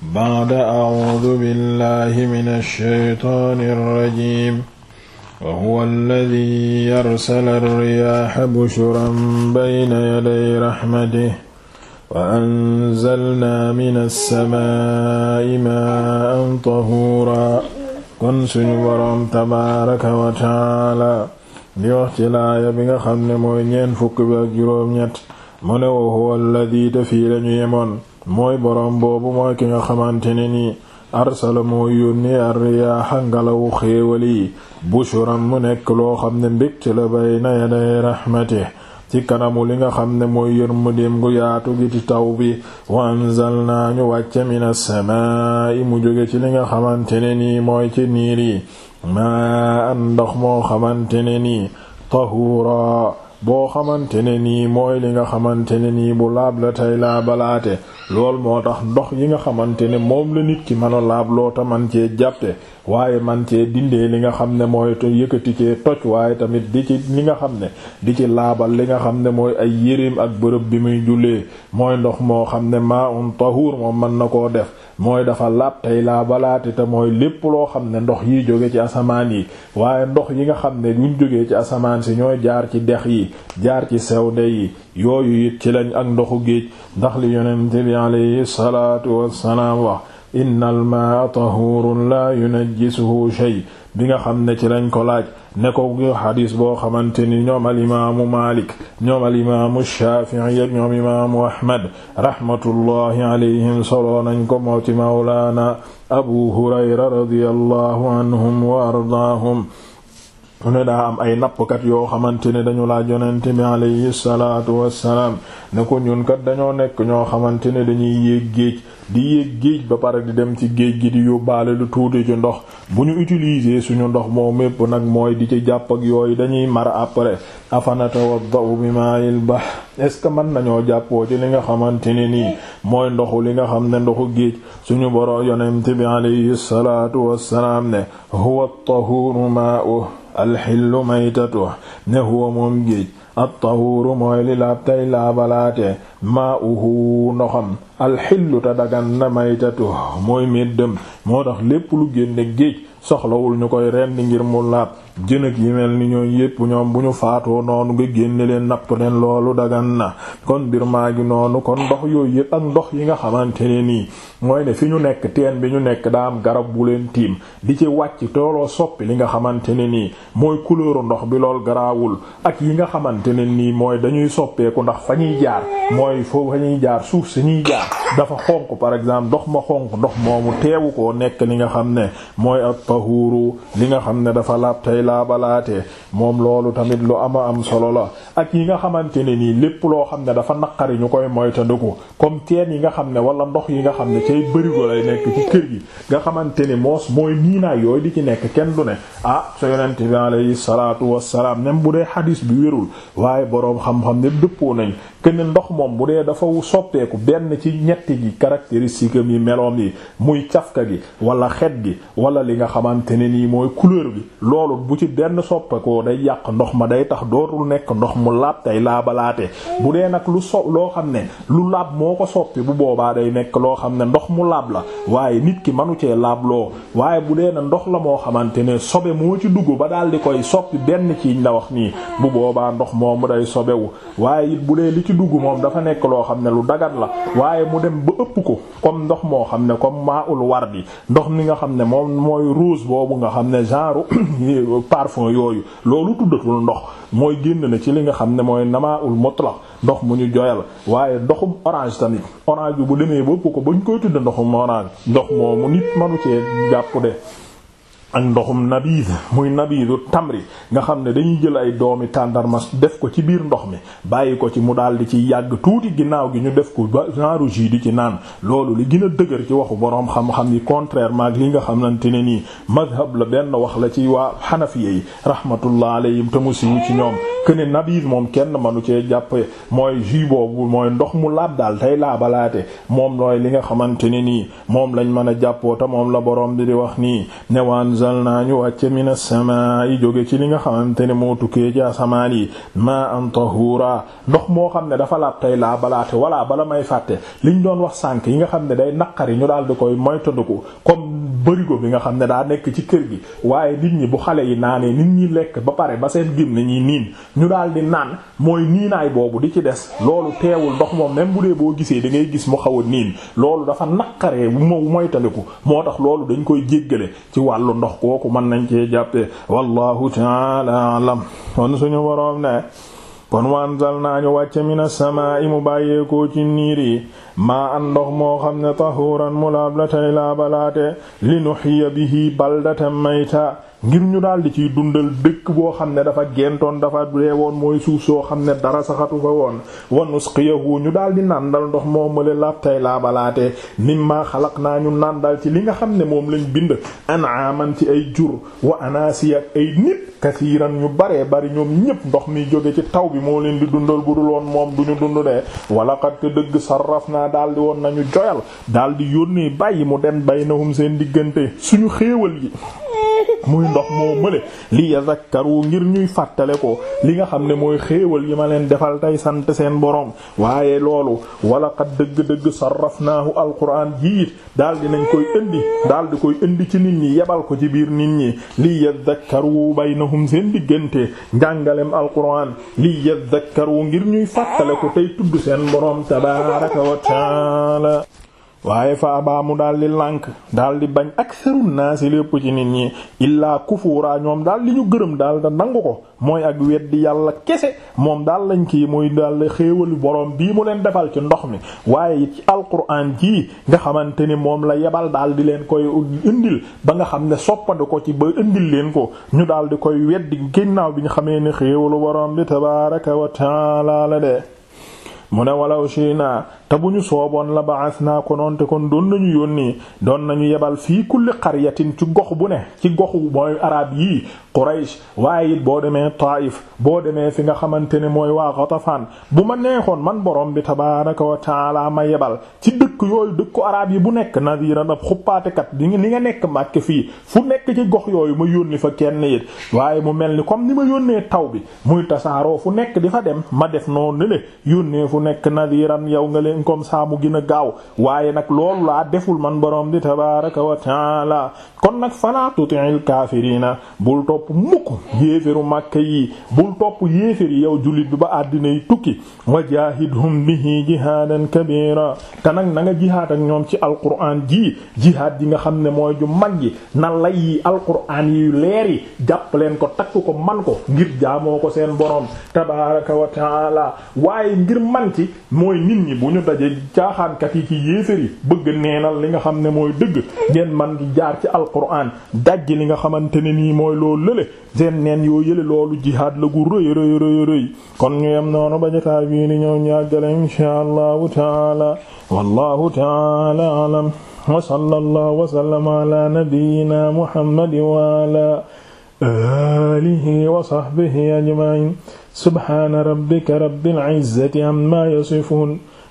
bacda acuudu billahi min alsheytaan alrajim wahuwa alladi yarsala alriyaaxa bushran bayna yaday raxmatih wa anzalna min alsamaai maan tahuuraa kon suñu boroom tabaaraka wa tacaala di wax ci laaya bi nga xam ne mooy ñeent fukk bi ak juróom ñett mu ne wahuwa alladi te fii lañu yemoon mooy boroom boobu mooy ki nga xamante ne nii arsala moo yónni arriyaaxa ngelawu xéewal yi mu nekk loo xam ne mbégte la bayna yaday rahmati ci kanamu li nga xam ne mooy yërmandeem gu yaatu gi ci taw bi wa naa ñu wàcce mina samaa'i mu jóge ci li nga xamante ne nii mooy ci niir yi maa an ndox moo xamante ne nii tahuura boo xamante ne nii mooy li nga xamante ne nii bu laab la tey laabalaate lool moo tax ndox yi nga xamante ne moom la nit ki mën a laab loo ta man cee jàppe waaye man cee dindee li nga xam ne mooy yëkkati cee toj waaye tamit di ci li nga xam ne di ci laabal li nga xam ne mooy ay yéreem ak bërëb bi muy jullee mooy ndox moo xam ne maa un tahur moom mën na koo def mooy dafa laab tey laa balaate te mooy lépp loo xam ne ndox yi jóge ci asamaan yi waaye ndox yi nga xam ne buñ jógee ci asamaan si ñooy jaar ci dex yi jaar ci sewde yi yooyu it ci lañ ak ndoxu géej ndax li yonent bi alayhi salaatu wassalaam wax innal maa tahurun la yunajjisuhu shay bi nga xam ne ci lañ ko laaj ne ko xadis boo xamante ni ñoom alimaamu Maalik ñoom alimaamu Shaafi'i ak ñoom imaamu Ahmad rahmatullahi alayhim soloo nañ ko moo ci mawlaana Abu Hurayra radiyallahu anhum wa ardaahum mu ne daa am ay nappkat yoo xamante ne dañu laa yonent bi alayhi salaatu wassalaam ne ko ñun dañoo nekk ñoo xamante ne dañuy yéeg géej di yéeg géej ba pare di dem ci géej gi di baale lu tuuti ci ndox bu ñu utiliser suñu ndox moo mépp nag mooy di ci jàpp ak yooyu dañuy mar après afanata wadda'u bi ma'il bahr est ce que mën nañoo jàppoo ci li nga xamante ne nii mooy ndoxu li nga xam ne ndoxu géej suñu boro yonent bi alayhi salaatu wassalaam ne huwa at alxillu maytatu ne huwa moom géej attahuuru mooy li tey laabalaate maa uhu ndoxam alxillu te dagan maytatu mooy méddam moo tax lépp lu génne géej soxlawul ñu koy rendi ngir mu laab jën yi mel ni ñooñ yépp ñoom bu ñu faatoo noonu nga génne leen napp leen loolu dagan na kon mbir maa ngi noonu kon ndox yooyu yépp ak ndox yi nga xamante ne nii mooy ne fi ñu nekk teen bi ñu nekk daa am garab bu leen tiim di ci wàcc tooloo soppi li nga xamante ne nii mooy couleur ndox bi lool garaawul ak yi nga xamante ne nii mooy dañuy soppeeku ndax fa ñuy jaar mooy foofu fa ñuy jaar suuf si ñuy jaar dafa xonq par exemple ndox ma xonq ndox moomu teewu ko nekk li nga xam ne mooy ab tahuru li nga xam ne dafa laab laabalaatee moom loolu tamit lu ama am solo la ak yi nga xamante ne nii lépp loo xam ne dafa naqari ñu koy moytandiku comme teen yi nga xam ne wala ndox yi nga xam ne cay bërigo lay nekk ci kër gi nga xamante ni moos mooy niinaay yooyu di ci nekk kenn du ne ah sa yonent bi alayhi salaatu wassalaam même bu dee xadiis bi wérul waaye boroom xam-xam dëppoo nañ kenn ndox moom bu dee dafa soppeeku benn ci ñetti gi caractéristique yi meloom yi muy cafka gi walla xet gi wala li nga xamante ne nii mooy couleur bi loolu bu ci benn soppekoo day yàq ndox ma day tax dootul nekk ndox mu laab tey laabalaate bu dee nag lu so loo xam ne lu laab moo ko soppi bu boobaa day nekk loo xam ne ndox mu laab la waaye nit ki manu cee laab waaye bu dee ndox la moo xamante ne sobe moo ci dugg ba daal di koy soppi benn ciiñ la wax nii bu boobaa ndox moomu day sobewu waaye it bu dee li ci dugg moom dafa nekk loo xam ne lu dagat la waaye mu dem ba ëpp ko comme ndox moo xam ne comme maa ul war bi ndox mi nga xam ne moom mooy rose boobu nga xam ne genre parfum yooyu loolu tuddatul ndox mooy génn na ci li nga xam ne mooy namaaul mutlaq ndox mu ñu joyal waaye ndoxum orange tamit orange bi bu demee bopp ko bañ koy tudd ndoxum orange ndox moomu nit manu cee jàpp de ak ndoxum nabiid muy nabiidu tamri nga xam ne dañuy jël ay doomi tàndarma def ko ci biir ndox mi bàyyi ko ci mu daldi ci yàgg tuuti ginnaaw gi ñu def ko ba genre di ci naan loolu li gën dëgër ci waxu boroom xam-xam yi contrairement ak li nga xamante ne nii madhab la benn wax la ci waa xanafiya yi rahmatullah alayhim te mu siiw ci ñoom këne nabiis moom kenn manu cee jàpp mooy jus boobu mooy ndox mu laab daal tey laabalaate moom looy li nga xamante ne nii moom lañ mën a jàppoo te moom la boroom bi di wax nii newaan zal naa ñu wàcce mina yi jóge ci li nga xamante ne moo tukkee ci asamaan yi ma an tahura ndox moo xam ne dafa laab tey laabalaate walla bala may fàtte liñ doon wax sànk yi nga xam ne day naqari ñu daal di koy moytandiku comme bërigo bi nga xam ne daa nekk ci kër gi waaye nit ñi bu xale yi naanee nit ñi lekk ba pare ba seen gim ne ñuy niin ñu daal di naan mooy niinaay boobu di ci des loolu teewul ndox moom même bu dee boo gisee da ngay gis mu xaw a niin loolu dafa naqaree bu ma moytandiku moo tax loolu dañ koy jéggale ci wàllu ndox kooku mën nañ cee jàppee wallahu ta'ala alam kon suñu boroom ne kon wanzal naa ñu wàcce mina samaa'i mu bàyyeekoo ci niir yi maa an ndox moo xam ne tahuuran mu laab la tey laabalaate li nuhyiya bihi baldatan mayta ngir ñu daal di ciy dundal dëkk boo xam ne dafa gentoon dafa dee woon mooy suuf soo xam ne dara saxatu fa woon wa nusqiyahu ñu daal di nàndal ndox moo male laab tay laabalaatee mimma xalaq naa ñu nàndal ci li nga xam ne moom lañ bind an'aman ci ay jur wa anasi ak ay nit kasiiran ñu baree bari ñoom ñépp ndox mi jóge ci taw bi moo leen di dundal bu dul woon moom du ñu dund dee wala xat dëgg sarraf naa daal di woon nañu joyal daal di yónnee bàyyi mu dem bay baynahum seen diggante suñu xéewal yi muy ndox moo mële li yazakkaru ngir ñuy fàttale ko li nga xam ne mooy xéewal yi ma leen defal tey sant seen borom waaye loolu wala xat dëgg-dëgg sarrafnaahu alquran jiit daal di nañ koy indi daal di koy indi ci nit ñi yebal ko ci biir nit ñi li yazakkaru baynahum seen diggante njàngalem alquran li wu ngir ñuy fàttale ko tey tudd seen borom tabaraka wa taala waaye fa abaa mu daal di lànk daal di bañ aksarun naasi lépp ci nit ñi illaa kufuuraa ñoom daal li ñu gërëm daal da nangu ko mooy ak weddi yàlla kese moom daal lañ kii muy daal xéewalu borom bii mu leen defal ci ndox mi waaye ci alquran jii nga xamante ni moom la yebal daal di leen koy indil ba nga xam ne soppandi ko ci ba indil leen ko ñu daal di koy weddi ginnaaw bi ñu xamee ni xéewalu borom bi tabaaraka wa taala la de mu ne walaw shiina te bu ñu sooboon la baas naa ko noon kon doon nañu yónnee doon nañu yebal fii kulli xaryatin ci gox bu ne ci goxu mooy araab yii Quraysh waaye it boo demee Taif boo demee fi nga xamante ne mooy waa bu ma neexoon man borom bi tabaaraka wa taala ma yebal ci dëkk yooyu dëkku araab yi bu nekk nadiran ab xuppaatekat di ni nga nekk Màkka fii fu nekk ci gox yooyu ma yónni fa kenn it waaye mu mel ni comme ni ma yónnee taw bi muy tasaaroo fu nekk di fa dem ma def noonu le fu nekk nadiran yow nga leen comme ça mu gën a gaaw waaye nag loolu laa deful man borom di tabaraka wa taala kon nag fala tuti'il kaafiriina bul topp mukk yéeféru màkke yi bul topp yéefér yi yow jullit bi ba àddina yi tukki wajaahidhum bihi jihaadan kabira te nag na nga jihaad ak ñoom ci alquran ji jihaad yi nga xam ne mooy ju mag yi na lay yi alquran yi leer yi jàpp ko takk ko man ko ngir jaamoo ko seen borom tabaraka wa waaye ngir man ci mooy nit ñi bu ñu daje caaxaankat yi ci yéefér bëgg neenal li nga xam ne mooy dëgg ngeen man di jaar ci alquran dajji li nga xamante ne nii mooy loolu lële seen neen yoo yële loolu jihaad la gu rëy rëy rëy kon ñu noonu ba jotaay bii ni ñëw ñu àggale inshaa allahu taala wallahu taala alam wa sallallahu wa sallama ala nabiyyina muhammad wa ala alihi wa sahbihi ajma'in subhana rabbika rabbil izzati amma yasifun